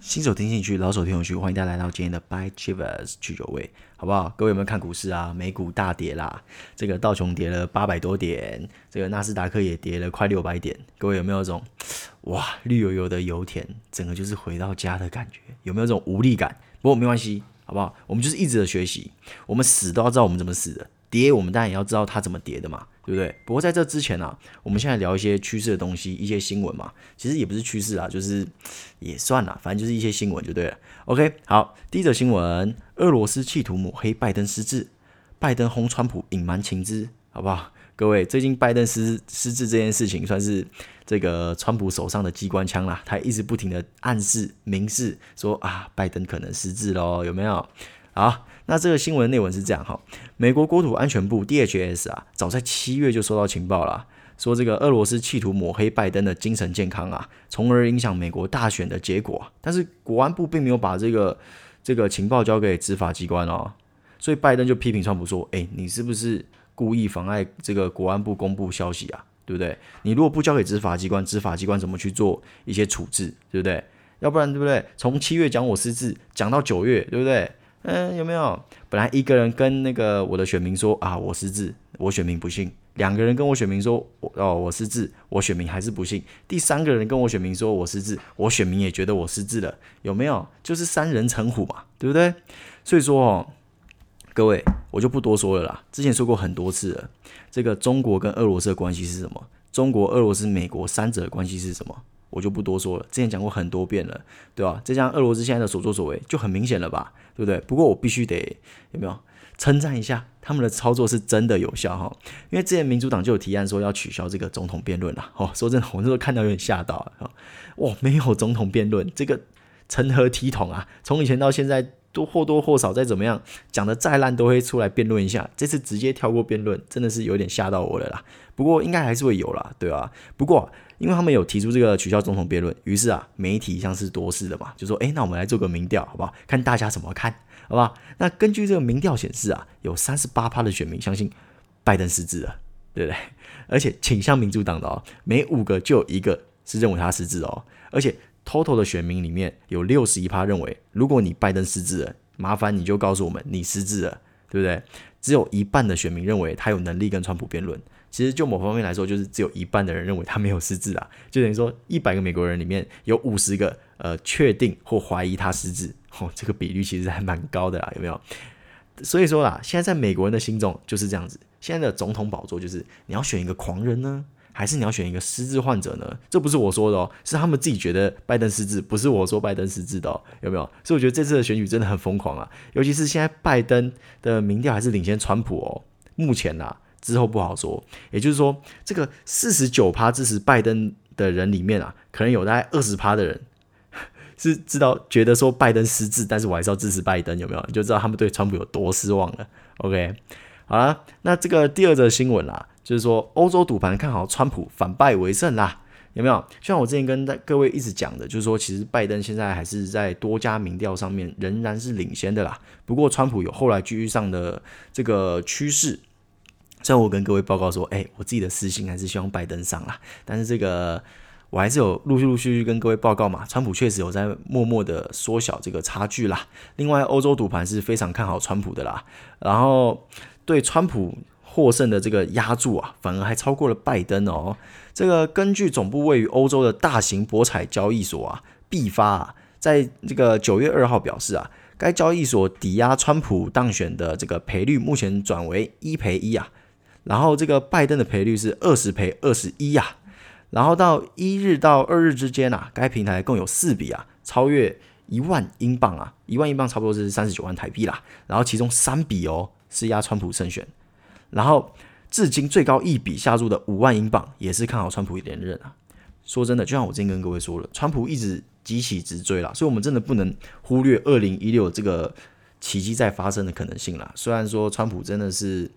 新手聽進去，老手聽有趣，歡迎大家來到今天的 Buy Chivers 醉酒味，好不好？各位有沒有看股市啊？美股大跌啦，這個道瓊跌了八百多點，這個納斯達克也跌了快六百點。各位有沒有一種哇綠油油的油田，整個就是回到家的感覺？有沒有這種無力感？不過沒關係，好不好？我們就是一直的學習，我們死都要知道我們怎麼死的。跌，我們當然也要知道它怎麼跌的嘛，對不對？不過在這之前呢、啊，我們現在聊一些趨勢的東西，一些新聞嘛，其實也不是趨勢啊，就是也算了，反正就是一些新聞就對了。OK，好，第一則新聞：俄羅斯企圖抹黑拜登失智，拜登轟川普隱瞞情資，好不好？各位，最近拜登失失智這件事情算是這個川普手上的機關槍啦，他一直不停的暗示、明示說啊，拜登可能失智嘍，有沒有？好。那這個新聞內文是這樣哈、哦，美國國土安全部 DHS 啊，早在七月就收到情報了、啊，說這個俄羅斯企圖抹黑拜登的精神健康啊，從而影響美國大選的結果。但是國安部並沒有把這個這個情報交給執法機關哦，所以拜登就批評川普說，誒，你是不是故意妨礙這個國安部公布消息啊？對不對？你如果不交給執法機關，執法機關怎麼去做一些處置？對不對？要不然，對不對？從七月講我失智，講到九月，對不對？嗯，有沒有？本來一個人跟那個我的選民說啊，我失智，我選民不信。兩個人跟我選民說，我哦，我失智，我選民還是不信。第三個人跟我選民說，我失智，我選民也覺得我失智了。有沒有？就是三人成虎嘛，對不對？所以說哦，各位，我就不多說了啦。之前說過很多次了，這個中國跟俄羅斯的關係是什麼？中國、俄羅斯、美國三者的關係是什麼？我就不多說了，之前講過很多遍了，對吧？再加上俄羅斯現在的所作所為，就很明顯了吧，對不對？不過我必須得有沒有稱讚一下他們的操作是真的有效哈、哦？因為之前民主黨就有提案說要取消這個總統辯論了。哦，說真的，我那時候看到有點嚇到了、哦。哇，沒有總統辯論，這個成何體統啊？從以前到現在。都或多或少再怎麼樣講的再爛，都會出來辯論一下。這次直接跳過辯論，真的是有點嚇到我了啦。不過應該還是會有了，對吧、啊？不過、啊、因為他們有提出這個取消總統辯論，於是啊，媒體像是多事的嘛，就說：誒，那我們來做個民調好不好？看大家怎麼看，好不好？那根據這個民調顯示啊，有三十八趴的選民相信拜登失智了，對不對？而且傾向民主黨的哦，每五個就有一個是認為他失智哦，而且。Total 的選民裡面有六十一趴認為，如果你拜登失智了，麻煩你就告訴我們你失智了，對不對？只有一半的選民認為他有能力跟川普辯論。其實就某方面來說，就是只有一半的人認為他沒有失智啊，就等於說一百個美國人裡面有五十個呃確定或懷疑他失智。哦，這個比率其實還蠻高的啦，有沒有？所以說啦，現在在美國人的心中就是這樣子。現在的總統寶座就是你要選一個狂人呢、啊。還是你要選一個失智患者呢？這不是我說的哦，是他們自己覺得拜登失智，不是我說拜登失智的哦，有沒有？所以我覺得這次的選舉真的很瘋狂啊！尤其是現在拜登的民調還是領先川普哦，目前吶，之後不好說。也就是說，這個四十九趴支持拜登的人裡面啊，可能有大概二十趴的人是知道覺得說拜登失智，但是我還是要支持拜登，有沒有？你就知道他們對川普有多失望了。OK，好了，那這個第二則新聞啦。就是說，歐洲賭盤看好川普反敗為勝啦，有沒有？像我之前跟各位一直講的，就是說，其實拜登現在還是在多家民調上面仍然是領先的啦。不過，川普有後來居上的這個趨勢。像我跟各位報告說，誒，我自己的私心還是希望拜登上啦。但是這個我還是有陸陸續續跟各位報告嘛。川普確實有在默默的縮小這個差距啦。另外，歐洲賭盤是非常看好川普的啦。然後，對川普。獲勝的這個押注啊，反而還超過了拜登哦。這個根據總部位於歐洲的大型博彩交易所啊，必發啊，在這個九月二號表示啊，該交易所抵押川普當選的這個賠率目前轉為一賠一啊。然後這個拜登的賠率是二十賠二十一呀。然後到一日到二日之間啊，該平台共有四筆啊，超越一萬英鎊啊，一萬英鎊差不多是三十九萬台幣啦。然後其中三筆哦是壓川普勝選。然後，至今最高一筆下注的五萬英鎊，也是看好川普連任啊。說真的，就像我今天跟各位說了，川普一直急起直追啦，所以我們真的不能忽略二零一六這個奇蹟再發生的可能性啦。雖然說川普真的是。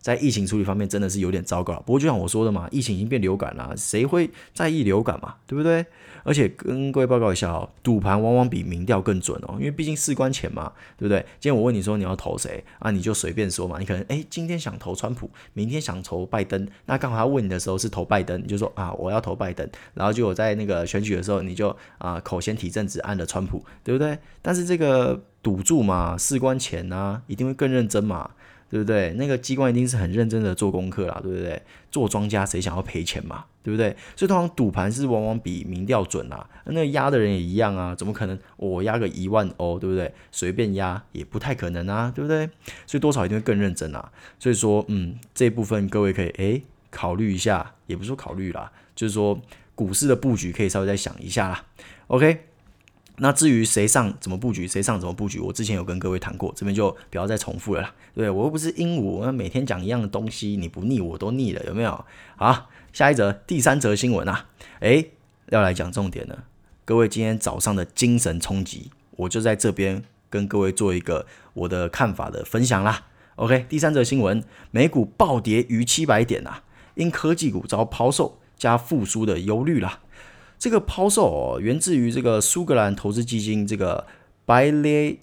在疫情處理方面真的是有點糟糕了。不過就像我說的嘛，疫情已經變流感了，誰會在意流感嘛？對不對？而且跟各位報告一下哦，賭盤往往比民調更準哦，因為畢竟事關錢嘛，對不對？今天我問你說，你要投誰啊，你就隨便說嘛。你可能哎、欸、今天想投川普，明天想投拜登。那剛好他問你的時候是投拜登，你就說，啊我要投拜登。然後就我在那個選舉的時候，你就啊，口嫌體正直，按了川普，對不對？但是這個賭注嘛，事關錢啊，一定會更認真嘛。對不對？那個機關一定是很認真的做功課啦，對不對？做莊家誰想要賠錢嘛，對不對？所以通常賭盤是往往比民調準啦，啊，那個壓的人也一樣啊，怎麼可能，哦，我壓個一萬歐，對不對？隨便壓也不太可能啊，對不對？所以多少一定會更認真啊。所以說，嗯，這部分各位可以誒考慮一下，也不是說考慮啦，就是說股市的布局可以稍微再想一下啦。OK。那至於誰上怎麼布局，誰上怎麼布局，我之前有跟各位談過，這邊就不要再重複了啦。對，我又不是鸚鵡，我每天講一樣的東西，你不膩我都膩了，有沒有？好，下一則，第三則新聞啊，哎，要來講重點了。各位今天早上的精神衝擊，我就在這邊跟各位做一個我的看法的分享啦。OK，第三則新聞，美股暴跌逾七百點啊，因科技股遭拋售加復甦的憂慮啦。這個拋售哦，源自於這個蘇格蘭投資基金這個 Baillie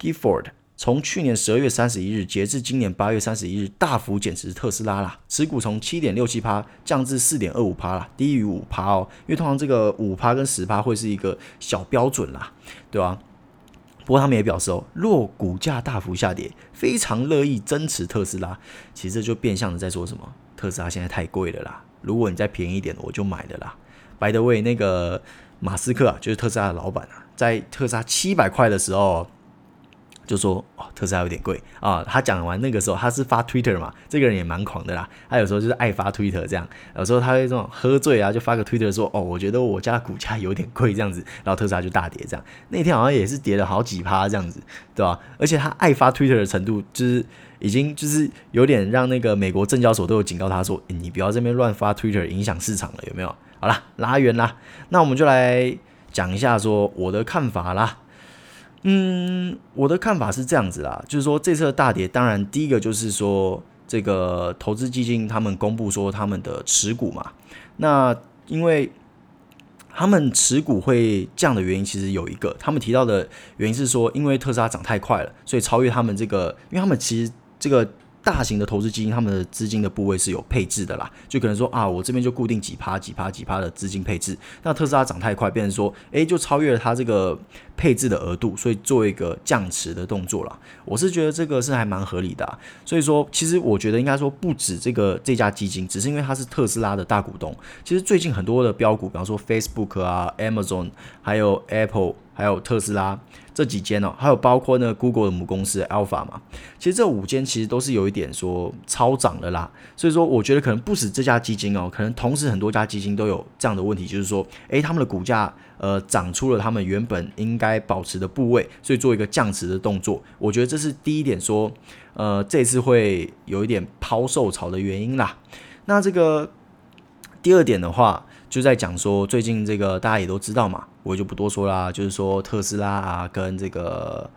Gifford，從去年十二月三十一日截至今年八月三十一日，大幅減持特斯拉啦，持股從七點六七趴降至四點二五趴啦，低於五趴哦，因為通常這個五趴跟十趴會是一個小標準啦，對吧？不過他們也表示哦，若股價大幅下跌，非常樂意增持特斯拉。其實這就變相的在說什麼，特斯拉現在太貴了啦，如果你再便宜一點，我就買的啦。By the way，那個馬斯克啊，就是特斯拉的老闆啊，在特斯拉七百塊的時候，就說哦，特斯拉有點貴啊。他講完那個時候，他是發 Twitter 嘛，這個人也蠻狂的啦。他有時候就是愛發 Twitter 這樣，有時候他會這種喝醉啊，就發個 Twitter 說哦，我覺得我家股價有點貴這樣子，然後特斯拉就大跌這樣。那天好像也是跌了好幾趴這樣子，對吧？而且他愛發 Twitter 的程度，就是已經就是有點讓那個美國證交所都有警告他說，你不要在那邊亂發 Twitter 影響市場了，有沒有？好啦，拉遠啦，那我們就來講一下說我的看法啦。嗯，我的看法是這樣子啦，就是說這次的大跌，當然第一個就是說這個投資基金他們公布說他們的持股嘛。那因為他們持股會降的原因，其實有一個，他們提到的原因是說，因為特斯拉漲太快了，所以超越他們這個，因為他們其實這個。大型的投資基金，他們的資金的部位是有配置的啦，就可能說啊，我這邊就固定幾趴、幾趴、幾趴的資金配置。那特斯拉漲太快，變成說，誒、欸，就超越了它這個配置的額度，所以做一個降持的動作啦。我是覺得這個是還蠻合理的啊。所以說，其實我覺得應該說不止這個這家基金，只是因為它是特斯拉的大股東。其實最近很多的標股，比方說 Facebook 啊、Amazon，還有 Apple，還有特斯拉。這幾間哦，還有包括呢，Google 的母公司 Alpha 嘛，其實這五間其實都是有一點說超漲的啦，所以說我覺得可能不止這家基金哦，可能同時很多家基金都有這樣的問題，就是說，哎，他們的股價呃漲出了他們原本應該保持的部位，所以做一個降值的動作，我覺得這是第一點說，呃，這次會有一點拋售潮的原因啦。那這個第二點的話。就在講說，最近這個大家也都知道嘛，我也就不多說啦。就是說特斯拉啊，跟這個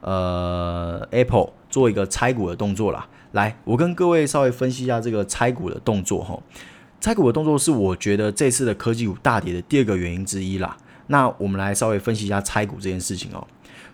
呃 Apple 做一個拆股的動作啦。來，我跟各位稍微分析一下這個拆股的動作吼。拆股的動作是我覺得這次的科技股大跌的第二個原因之一啦。那我們來稍微分析一下拆股這件事情哦。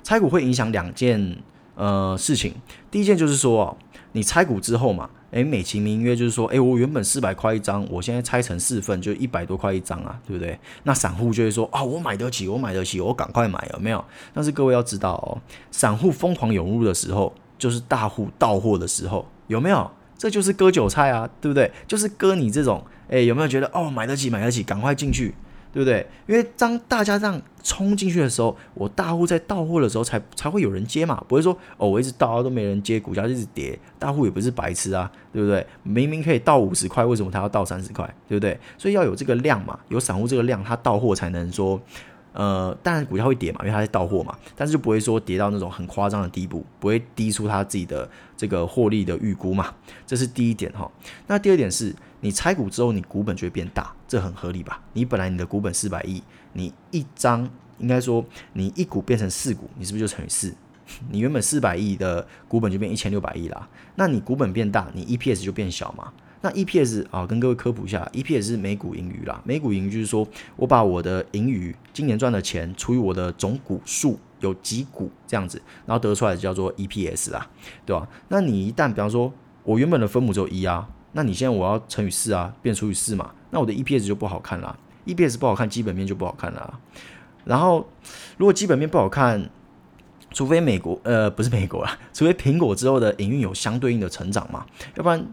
拆股會影響兩件呃事情，第一件就是說，你拆股之後嘛。哎，美其名曰就是說，哎，我原本四百塊一張，我現在拆成四份，就一百多塊一張啊，對不對？那散戶就會說啊，哦，我買得起，我買得起，我趕快買，有沒有？但是各位要知道哦，散戶瘋狂湧入的時候，就是大戶到貨的時候，有沒有？這就是割韭菜啊，對不對？就是割你這種，哎，有沒有覺得哦，買得起，買得起，趕快進去。對不對？因為當大家這樣衝進去的時候，我大戶在倒貨的時候才才會有人接嘛，不會說哦，我一直倒都沒人接，股價一直跌，大戶也不是白痴啊，對不對？明明可以倒五十塊，為什麼他要倒三十塊？對不對？所以要有這個量嘛，有散戶這個量，他倒貨才能說。呃，當然股票會跌嘛，因為它在倒貨嘛，但是就不會說跌到那種很誇張的地步，不會低出它自己的這個獲利的預估嘛，這是第一點哈、哦。那第二點是你拆股之後，你股本就會變大，這很合理吧？你本來你的股本四百億，你一張應該說你一股變成四股，你是不是就乘以四？你原本四百億的股本就變一千六百億啦。那你股本變大，你 EPS 就變小嘛。那 EPS 啊，跟各位科普一下，EPS 是每股盈餘啦。每股盈餘就是說，我把我的盈餘今年賺的錢除以我的總股數有幾股這樣子，然後得出來就叫做 EPS 啦，對吧、啊？那你一旦比方說，我原本的分母就一啊，那你現在我要乘以四啊，變除以四嘛，那我的 EPS 就不好看了。EPS 不好看，基本面就不好看了。然後如果基本面不好看，除非美國呃不是美國啦，除非蘋果之後的營運有相對應的成長嘛，要不然。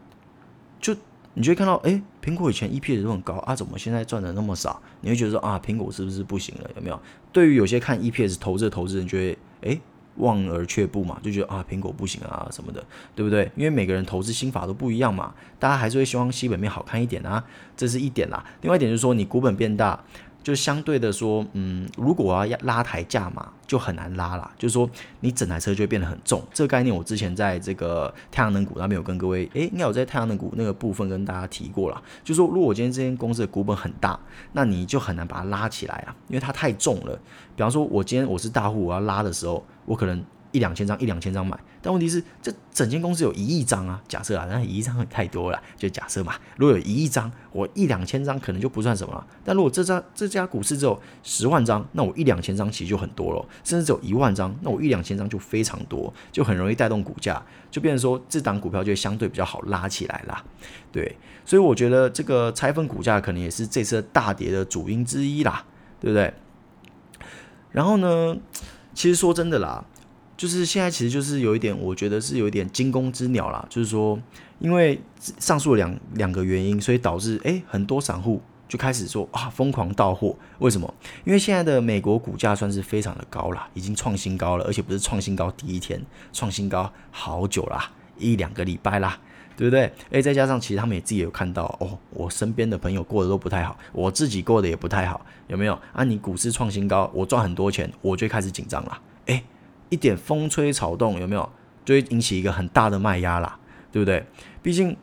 就你就會看到，哎，蘋果以前 EPS 都很高啊，怎麼現在賺的那麼少？你會覺得說啊，蘋果是不是不行了？有沒有？對於有些看 EPS 投資的投資人，就會，哎，望而卻步嘛，就覺得啊，蘋果不行啊什麼的，對不對？因為每個人投資心法都不一樣嘛，大家還是會希望基本面好看一點啊，這是一點啦。另外一點就是說，你股本變大，就相對的說，嗯，如果我要拉抬價碼，就很難拉啦。就是說，你整台車就會變得很重。這個概念我之前在這個太陽能股那邊有跟各位，哎，應該有在太陽能股那個部分跟大家提過啦。就是說，如果我今天這間公司的股本很大，那你就很難把它拉起來啊，因為它太重了。比方說，我今天我是大戶，我要拉的時候，我可能。一兩千張，一兩千張買，但問題是，這整間公司有一億張啊！假設啊，那一億張也太多了啦，就假設嘛。如果有一億張，我一兩千張可能就不算什麼了。但如果這家這家股市只有十萬張，那我一兩千張其實就很多了。甚至只有一萬張，那我一兩千張就非常多，就很容易帶動股價，就變成說這檔股票就會相對比較好拉起來啦。對，所以我覺得這個拆分股價可能也是這次大跌的主因之一啦，對不對？然後呢，其實說真的啦。就是現在，其實就是有一點，我覺得是有一點驚弓之鳥啦。就是說，因為上述兩兩個原因，所以導致誒很多散戶就開始說啊，瘋狂到貨。為什麼？因為現在的美國股價算是非常的高啦，已經創新高了，而且不是創新高第一天，創新高好久啦，一兩個禮拜啦，對不對？誒，再加上其實他們也自己也有看到哦，我身邊的朋友過得都不太好，我自己過得也不太好，有沒有？啊，你股市創新高，我賺很多錢，我就開始緊張啦。誒。一點風吹草動，有沒有，就會引起一個很大的賣壓啦，對不對？畢竟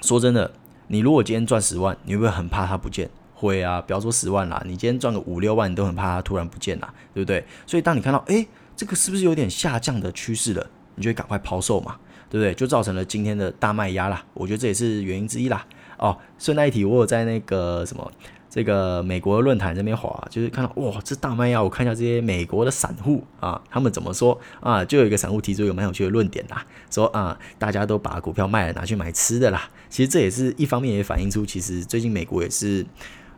說真的，你如果今天賺十萬，你會不會很怕它不見？會啊！不要說十萬啦，你今天賺個五六萬，你都很怕它突然不見啦，對不對？所以當你看到誒，這個是不是有點下降的趨勢了，你就會趕快拋售嘛，對不對？就造成了今天的大賣壓啦。我覺得這也是原因之一啦。哦，順帶一提，我有在那個什麼。這個美國的論壇這邊滑，就是看到哇，這大賣呀！啊！我看一下這些美國的散戶啊，他們怎麼說啊？就有一個散戶提出一個蠻有趣的論點啦，說啊，大家都把股票賣了拿去買吃的啦。其實這也是一方面，也反映出其實最近美國也是，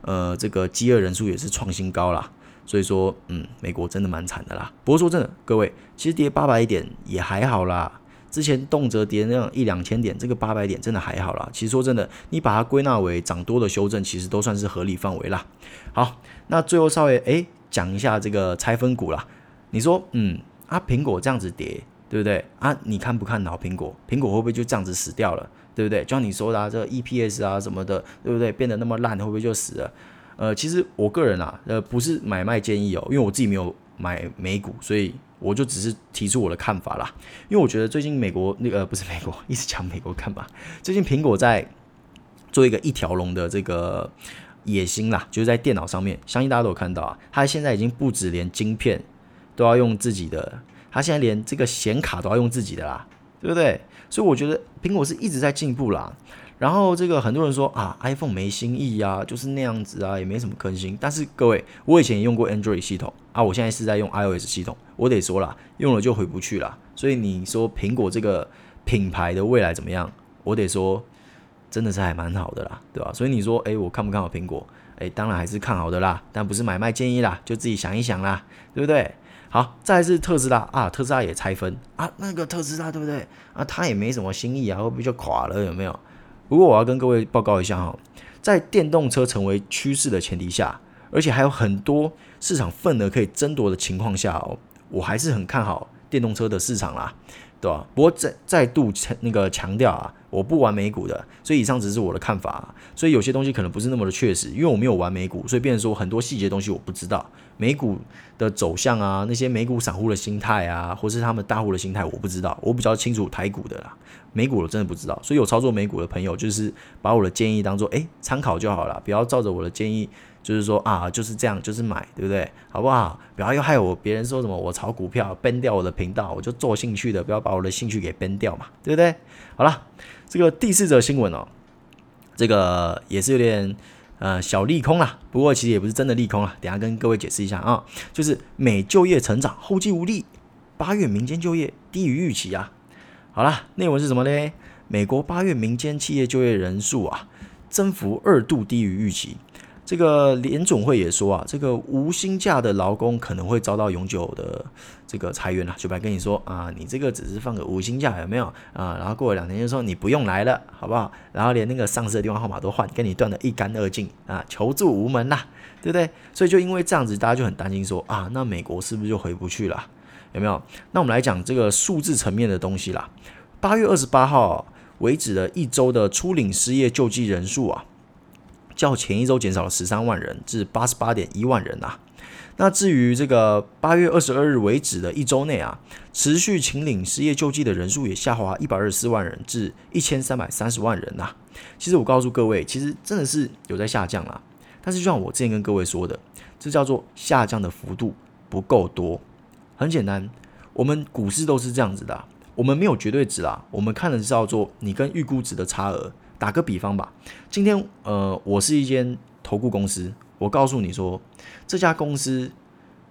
呃，這個飢餓人數也是創新高啦。所以說，嗯，美國真的蠻慘的啦。不過說真的，各位其實跌八百一點也還好啦。之前動輒跌那樣一兩千點，這個八百點真的還好啦。其實說真的，你把它歸納為漲多的修正，其實都算是合理範圍啦。好，那最後稍微哎講一下這個拆分股啦。你說嗯啊蘋果這樣子跌，對不對啊？你看不看老蘋果？蘋果會不會就這樣子死掉了？對不對？就像你說的、啊、這個 EPS 啊什麼的，對不對？變得那麼爛，會不會就死了？呃，其實我個人啊，呃，不是買賣建議哦，因為我自己沒有買美股，所以。我就只是提出我的看法啦，因為我覺得最近美國那個、呃、不是美國，一直講美國看法。最近蘋果在做一個一條龍的這個野心啦，就是在電腦上面，相信大家都有看到啊。它現在已經不止連晶片都要用自己的，它現在連這個顯卡都要用自己的啦，對不對？所以我覺得蘋果是一直在進步啦。然後這個很多人說啊，iPhone 沒新意啊，就是那樣子啊，也沒什麼更新。但是各位，我以前也用過 Android 系統。啊，我現在是在用 iOS 系統，我得說啦，用了就回不去了啦。所以你說蘋果這個品牌的未來怎麼樣？我得說，真的是還蠻好的啦，對吧？所以你說，哎，我看不看好蘋果？哎，當然還是看好的啦，但不是買賣建議啦，就自己想一想啦，對不對？好，再來是特斯拉啊，特斯拉也拆分啊，那個特斯拉對不對？啊，它也沒什麼新意啊，會不會就垮了？有沒有？不過我要跟各位報告一下哈、哦，在電動車成為趨勢的前提下。而且還有很多市場份額可以爭奪的情況下哦，我還是很看好電動車的市場啦，對吧？不過再再度那個強調啊，我不玩美股的，所以以上只是我的看法啊，所以有些東西可能不是那麼的確實，因為我沒有玩美股，所以變成說很多細節的東西我不知道，美股的走向啊，那些美股散戶的心態啊，或是他們大戶的心態，我不知道，我比較清楚台股的啦，美股我真的不知道，所以有操作美股的朋友就是把我的建議當做誒參考就好了，不要照着我的建議。就是說啊，就是這樣，就是買，對不對？好不好？不要又害我別人說什麼我炒股票崩掉我的頻道，我就做興趣的，不要把我的興趣給崩掉嘛，對不對？好了，這個第四則新聞哦，這個也是有點呃小利空啦，不過其實也不是真的利空啊。等一下跟各位解釋一下啊，就是美就業成長後繼無力，八月民間就業低於預期啊。好啦，內文是什麼呢？美國八月民間企業就業人數啊，增幅二度低於預期。這個聯準會也說啊，這個無薪假的勞工可能會遭到永久的這個裁員啊，小白跟你說啊，你這個只是放個無薪假有沒有啊？然後過了兩天就說你不用來了，好不好？然後連那個上司的電話號碼都換，跟你斷得一乾二淨啊，求助無門啦，對不對？所以就因為這樣子，大家就很擔心說啊，那美國是不是就回不去了？有沒有？那我們來講這個數字層面的東西啦。八月二十八號為止的一周的初領失業救濟人數啊。較前一周減少了十三萬人，至八十八點一萬人吶、啊。那至於這個八月二十二日為止的一周內啊，持續請領失業救濟的人數也下滑一百二十四萬人，至一千三百三十萬人吶、啊。其實我告訴各位，其實真的是有在下降啊。但是就像我之前跟各位說的，這叫做下降的幅度不夠多。很簡單，我們股市都是這樣子的，我們沒有絕對值啦，我們看的是叫做你跟預估值的差額。打個比方吧，今天呃，我是一間投顧公司，我告訴你說，這家公司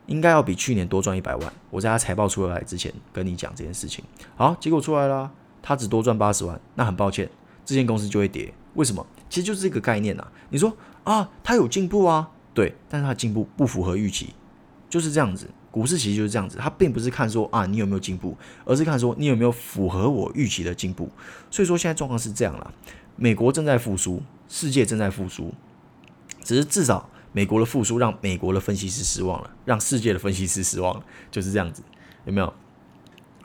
應該要比去年多賺一百萬。我在它財報出來之前跟你講這件事情，好，結果出來了，它只多賺八十萬。那很抱歉，這間公司就會跌。為什麼？其實就是這個概念吶、啊。你說啊，它有進步啊，對，但是它的進步不符合預期，就是這樣子。股市其實就是這樣子，它並不是看說啊你有沒有進步，而是看說你有沒有符合我預期的進步。所以說現在狀況是這樣啦。美國正在復甦，世界正在復甦，只是至少美國的復甦讓美國的分析師失望了，讓世界的分析師失望了，就是這樣子，有沒有？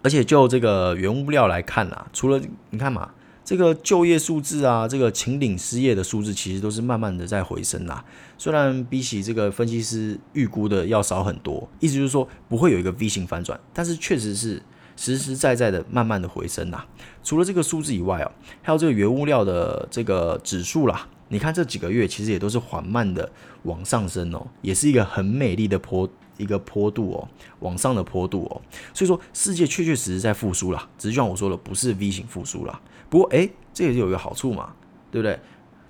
而且就這個原物料來看啊，除了你看嘛，這個就業數字啊，這個請領失業的數字其實都是慢慢的在回升啦、啊，雖然比起這個分析師預估的要少很多，意思就是說不會有一個 V 型反轉，但是確實是。實實在在在的，慢慢的回升吶、啊。除了這個數字以外哦、啊，還有這個原物料的這個指數啦。你看這幾個月其實也都是緩慢的往上升哦，也是一個很美麗的坡，一個坡度哦，往上的坡度哦。所以說，世界確確實實在復甦啦。只是像我說的，不是 V 型復甦啦。不過哎，這也是有一個好處嘛，對不對？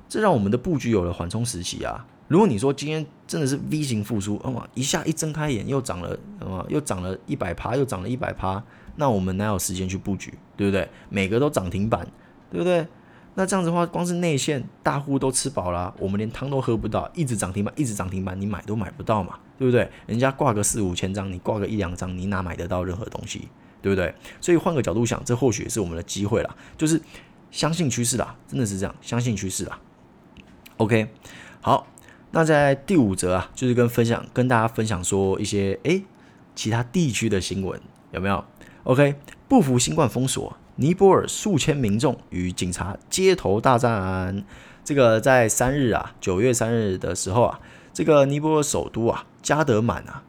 這讓我們的布局有了緩衝時期啊。如果你說今天真的是 V 型復甦，啊，一下一睜開眼又漲了，又漲了一百趴，又漲了一百趴。那我們哪有時間去布局，對不對？每個都漲停板，對不對？那這樣子的話，光是內線大戶都吃飽了啊，我們連湯都喝不到，一直漲停板，一直漲停板，你買都買不到嘛，對不對？人家掛個四五千張，你掛個一兩張，你哪買得到任何東西，對不對？所以換個角度想，這或許也是我們的機會啦，就是相信趨勢啦，真的是這樣，相信趨勢啦。OK，好，那在第五則啊，就是跟分享，跟大家分享說一些誒，其他地區的新聞有沒有？O.K. 不服新冠封鎖，尼泊爾數千民眾與警察街頭大戰。這個在三日啊，九月三日的時候啊，這個尼泊爾首都啊，加德滿啊，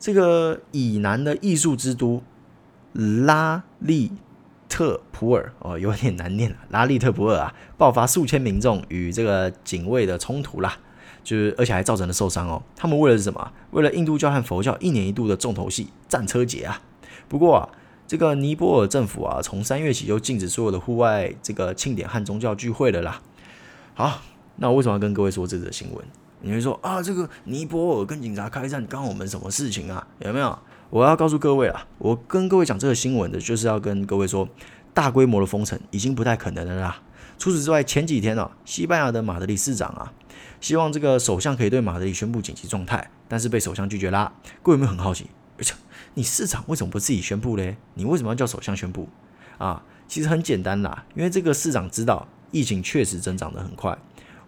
這個以南的藝術之都拉利特普爾哦，有點難念了啊，拉利特普爾啊，爆發數千民眾與這個警衛的衝突啦，就是而且還造成了受傷哦。他們為了是什麼？為了印度教和佛教一年一度的重頭戲戰車節啊。不過啊。這個尼泊爾政府啊，從三月起就禁止所有的戶外這個慶典和宗教聚會了啦。好，那我為什麼要跟各位說這則新聞？你會說啊，這個尼泊爾跟警察開戰，關我們什麼事情啊？有沒有？我要告訴各位啊，我跟各位講這個新聞的就是要跟各位說，大規模的封城已經不太可能了啦。除此之外，前幾天啊，西班牙的馬德里市長啊，希望這個首相可以對馬德里宣布緊急狀態，但是被首相拒絕啦。各位有沒有很好奇？你市長為什麼不自己宣布嘞？你為什麼要叫首相宣布？啊，其實很簡單啦，因為這個市長知道疫情確實增長得很快，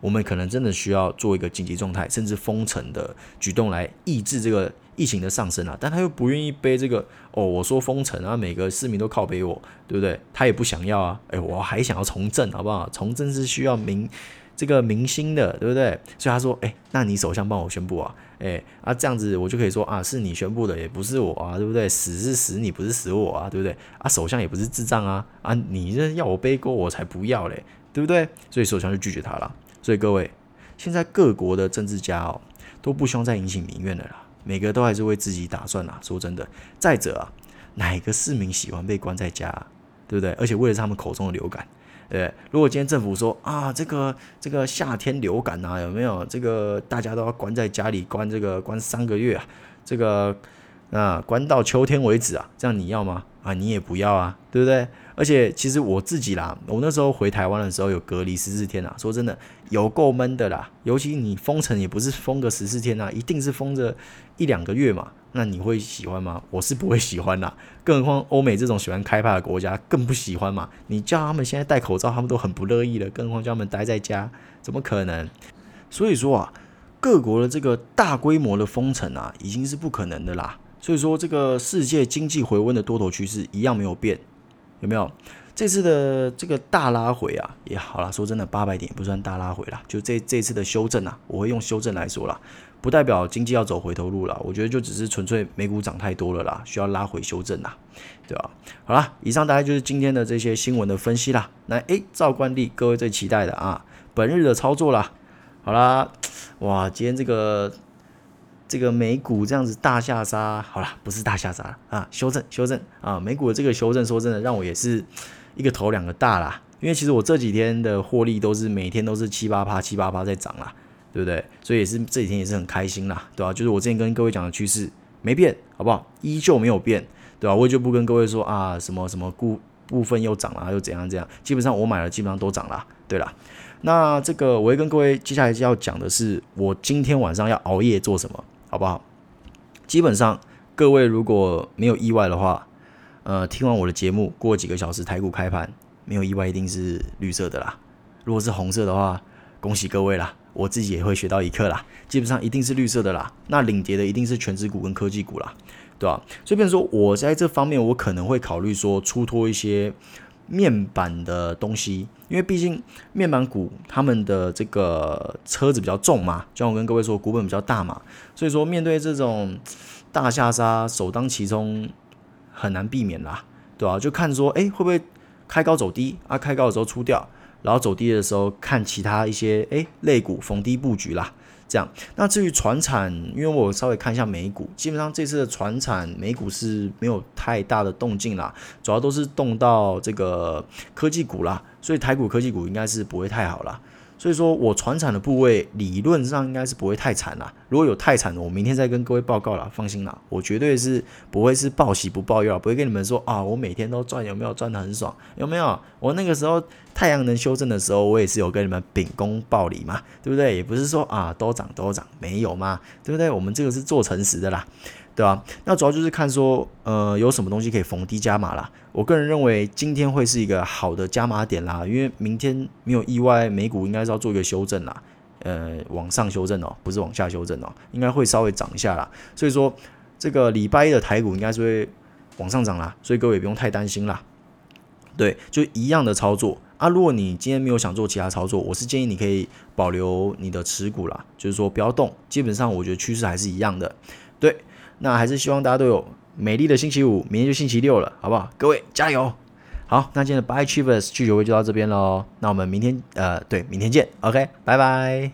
我們可能真的需要做一個緊急狀態，甚至封城的舉動來抑制這個疫情的上升啊。但他又不願意背這個哦，我說封城啊，每個市民都靠背我，對不對？他也不想要啊，哎，我還想要重振，好不好？重振是需要民。這個明星的，對不對？所以他說，哎，那你首相幫我宣布啊，哎，啊這樣子我就可以說啊，是你宣布的，也不是我啊，對不對？死是死你，不是死我啊，對不對？啊，首相也不是智障啊，啊，你這要我背鍋，我才不要嘞，對不對？所以首相就拒絕他了。所以各位，現在各國的政治家哦，都不希望再引起民怨了啦，每個都還是為自己打算啦啊。說真的，再者啊，哪個市民喜歡被關在家啊，對不對？而且為了他們口中的流感。對，對，如果今天政府說啊，這個這個夏天流感吶，啊，有沒有這個大家都要關在家裡關這個關三個月啊，這個啊，關到秋天為止啊，這樣你要嗎？啊，你也不要啊，對不對？而且其實我自己啦，我那時候回台灣的時候有隔離十四天啊，說真的有夠悶的啦，尤其你封城也不是封個十四天啊，一定是封着一兩個月嘛。那你會喜歡嗎？我是不會喜歡啦，更何況歐美這種喜歡開趴的國家更不喜歡嘛。你叫他們現在戴口罩，他們都很不樂意了，更何況叫他們待在家，怎麼可能？所以說啊，各國的這個大規模的封城啊，已經是不可能的啦。所以說，這個世界經濟回溫的多頭趨勢一樣沒有變，有沒有？這次的這個大拉回啊，也好啦。說真的，八百點不算大拉回啦，就這這次的修正啊，我會用修正來說啦。不代表經濟要走回頭路了，我覺得就只是純粹美股漲太多了啦，需要拉回修正啦。對吧？好啦，以上大概就是今天的這些新聞的分析啦。那哎，照慣例，各位最期待的啊，本日的操作啦。好啦，哇，今天這個這個美股這樣子大下殺，好啦，不是大下殺啊，修正修正啊，美股的這個修正，說真的讓我也是一個頭兩個大啦。因為其實我這幾天的獲利都是每天都是七八趴七八趴在漲啦。對不對？所以也是這幾天也是很開心啦，對吧、啊？就是我之前跟各位講的趨勢沒變，好不好？依舊沒有變，對吧、啊？我就不跟各位說啊，什麼什麼股部分又漲了又怎樣怎樣，基本上我買的基本上都漲了，對啦。那這個我會跟各位接下來就要講的是，我今天晚上要熬夜做什麼，好不好？基本上各位如果沒有意外的話，呃，聽完我的節目過幾個小時台股開盤，沒有意外一定是綠色的啦。如果是紅色的話，恭喜各位啦。我自己也會學到一課啦，基本上一定是綠色的啦。那領跌的一定是權值股跟科技股啦，對吧？所以，比如說我在這方面，我可能會考慮說出脫一些面板的東西，因為畢竟面板股他們的這個車子比較重嘛，就像我跟各位說，股本比較大嘛，所以說面對這種大下殺，首當其衝很難避免啦，對吧？就看說，哎，會不會開高走低啊？開高的時候出掉。然後走低的時候，看其他一些誒類股逢低布局啦，這樣。那至於傳產，因為我稍微看一下美股，基本上這次的傳產美股是沒有太大的動靜啦，主要都是動到這個科技股啦，所以台股科技股應該是不會太好啦。所以說我傳產的部位理論上應該是不會太慘啦，如果有太慘的，我明天再跟各位報告了。放心啦，我絕對是不會是報喜不報憂，不會跟你們說啊，我每天都賺，有沒有賺得很爽？有沒有？我那個時候。太陽能修正的時候，我也是有跟你們秉公報理嘛，對不對？也不是說啊，多漲多漲，沒有嘛，對不對？我們這個是做誠實的啦，對吧、啊？那主要就是看說，呃，有什麼東西可以逢低加碼啦。我個人認為今天會是一個好的加碼點啦，因為明天沒有意外，美股應該是要做一個修正啦，呃，往上修正哦、喔，不是往下修正哦、喔，應該會稍微漲一下啦。所以說，這個禮拜的台股應該是會往上漲啦，所以各位也不用太擔心啦，對，就一樣的操作。啊，如果你今天沒有想做其他操作，我是建議你可以保留你的持股啦，就是說不要動。基本上我覺得趨勢還是一樣的。對，那還是希望大家都有美麗的星期五，明天就星期六了，好不好？各位加油！好，那今天的 bye cheapest 聚酒會就到這邊嘍。那我們明天，呃，對，明天見，OK，拜拜。